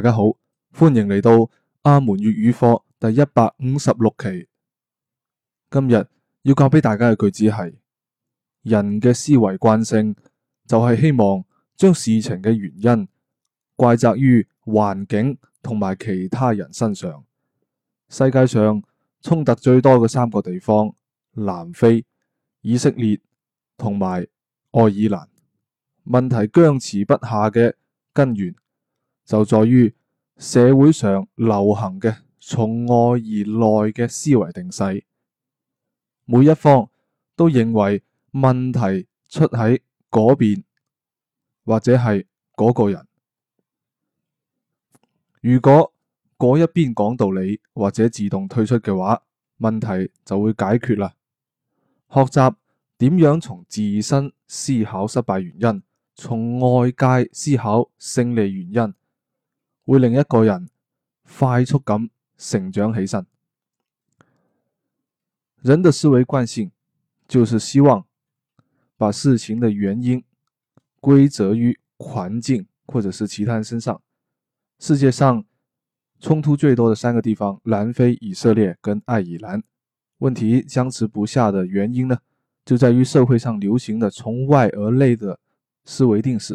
大家好，歡迎嚟到阿門粵語課第一百五十六期。今日要教俾大家嘅句子係：人嘅思維慣性就係希望將事情嘅原因怪責於環境同埋其他人身上。世界上衝突最多嘅三個地方：南非、以色列同埋愛爾蘭。問題僵持不下嘅根源。就在於社會上流行嘅從外而內嘅思維定勢，每一方都認為問題出喺嗰邊，或者係嗰個人。如果嗰一邊講道理，或者自動退出嘅話，問題就會解決喇。學習點樣從自身思考失敗原因，從外界思考勝利原因。會令一個人快速咁成長起身。人的思維慣性，就是希望把事情的原因歸責於環境，或者是其他人身上。世界上衝突最多的三個地方：南非、以色列跟愛爾蘭，問題僵持不下的原因呢，就在於社會上流行的從外而內的思維定勢。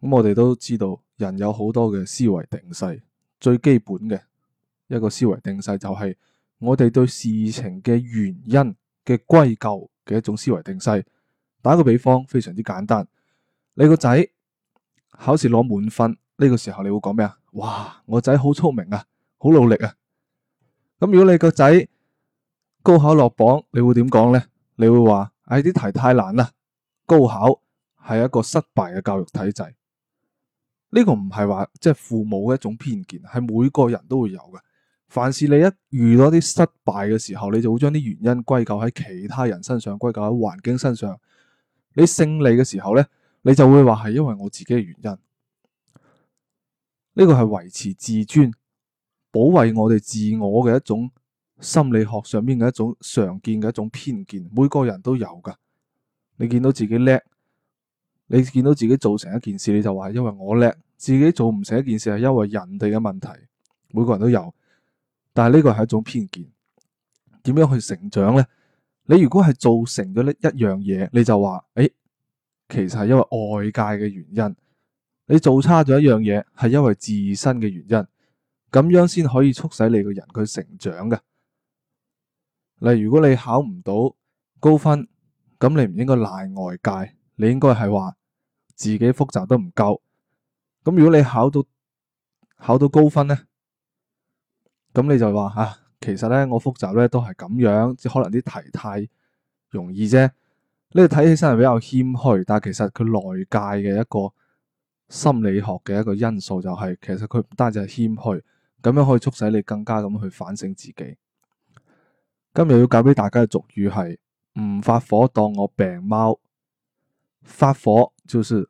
咁我哋都知道，人有好多嘅思維定勢，最基本嘅一個思維定勢就係我哋對事情嘅原因嘅歸咎嘅一種思維定勢。打個比方，非常之簡單，你個仔考試攞滿分，呢個時候你會講咩啊？哇，我仔好聰明啊，好努力啊！咁如果你個仔高考落榜，你會點講咧？你會話：唉，啲題太難啦！高考係一個失敗嘅教育體制。呢個唔係話，即係父母嘅一種偏見，係每個人都會有嘅。凡是你一遇到啲失敗嘅時候，你就會將啲原因歸咎喺其他人身上，歸咎喺環境身上。你勝利嘅時候咧，你就會話係因為我自己嘅原因。呢個係維持自尊、保衛我哋自我嘅一種心理學上面嘅一種常見嘅一種偏見，每個人都有噶。你見到自己叻。你見到自己做成一件事，你就話因為我叻，自己做唔成一件事，係因為人哋嘅問題。每個人都有，但係呢個係一種偏見。點樣去成長呢？你如果係做成咗呢一樣嘢，你就話誒、欸，其實係因為外界嘅原因。你做差咗一樣嘢係因為自身嘅原因，咁樣先可以促使你個人去成長嘅。例如如果你考唔到高分，咁你唔應該賴外界，你應該係話。自己複習都唔夠，咁如果你考到考到高分咧，咁你就話嚇、啊，其實咧我複習咧都係咁樣，只可能啲題太容易啫。你睇起身係比較謙虛，但係其實佢內界嘅一個心理學嘅一個因素就係，其實佢唔單止係謙虛，咁樣可以促使你更加咁去反省自己。今日要教俾大家嘅俗語係唔發火，當我病貓。發火就是。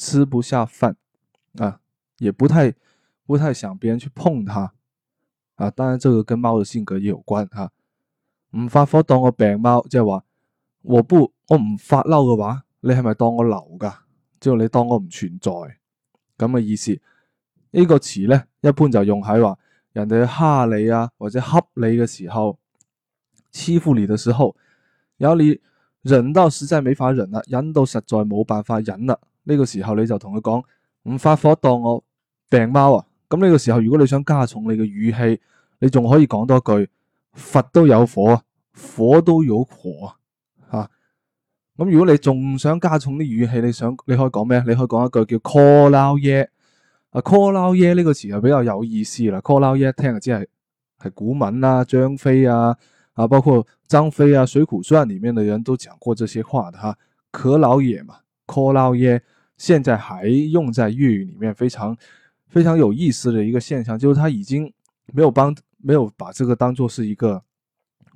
吃不下飯啊，也不太不太想別人去碰它啊。當然，這個跟貓的性格也有關啊。唔發火當我病貓，即係話，我不我唔發嬲嘅話，你係咪當我流噶？即係你當我唔存在咁嘅意思。呢個詞咧，一般就用喺話人哋蝦你啊，或者恰你嘅時候，欺負你嘅時候，有你忍到實在沒法忍啦，忍到實在冇辦法忍啦。呢個時候你就同佢講唔發火，當我病貓啊！咁呢個時候如果你想加重你嘅語氣，你仲可以講多句佛都有火啊，火都有婆啊吓！咁如果你仲想加重啲語氣，你想你可以講咩？你可以講一句叫 call 老耶啊，call 老耶呢個詞就比較有意思啦。call 老耶一聽就知係係古文啊、張飛啊啊，包括曾飛啊《水滸傳》裏面嘅人都講過這些話的哈，可、啊、老野嘛。call 可惱也。現在還用在粵語裏面非常非常有意思的一個現象，就是他已經沒有幫，沒有把這個當做是一個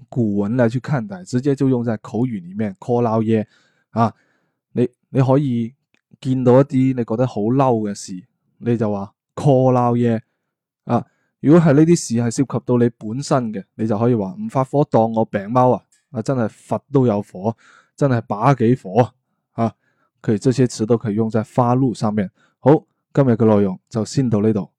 古文來去看待，直接就用在口語裏面 call 可惱也啊。你你可以見到一啲你覺得好嬲嘅事，你就話 call 可惱也啊。如果係呢啲事係涉及到你本身嘅，你就可以話唔發火，當我病貓啊，啊真係佛都有火，真係把幾火。可以，這些詞都可以用在發怒上面。好，今日嘅內容就係到呢度。